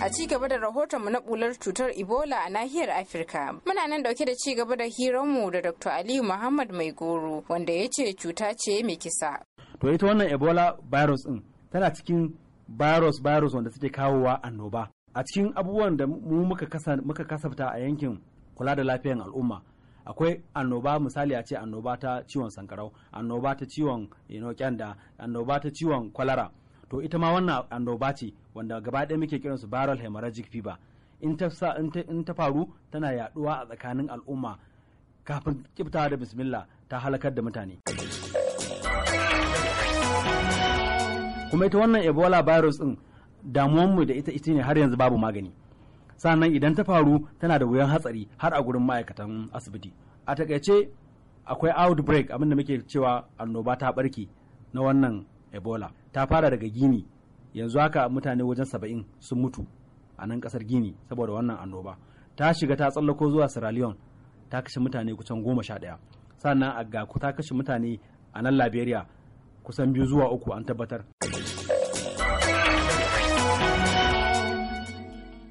a ci gaba da rahotonmu na bular cutar ebola a nahiyar afirka muna nan dauke da ci gaba da hiranmu da dr aliyu muhammad mai goro wanda ya ce cuta ce mai kisa to ita wannan ebola virus din tana cikin virus virus wanda suke kawowa annoba a cikin abubuwan da mu muka kasafta a yankin kula da lafiyar al'umma akwai annoba misali a ce annoba ta ciwon sankarau annoba ta ciwon ino kyanda annoba ta ciwon kwalara to ita ma wannan annoba ce wanda gaba ɗaya muke su viral hemorrhagic fever in ta in ta faru tana yaduwa a tsakanin al'umma kafin kifta da bismillah ta halakar da mutane kuma ita wannan ebola virus din damuwanmu da ita ita ne har yanzu babu magani sannan idan ta faru tana da wuyan hatsari har a gurin ma'aikatan asibiti a takaice akwai outbreak abin da muke cewa annoba ta barke na wannan ebola ta fara daga gini yanzu haka mutane wajen saba'in sun mutu a nan kasar gini saboda wannan annoba ta shiga ta tsallako zuwa sierra leone ta kashe mutane kusan goma sha ɗaya sannan a ga ta kashe mutane a nan liberia kusan biyu zuwa uku an tabbatar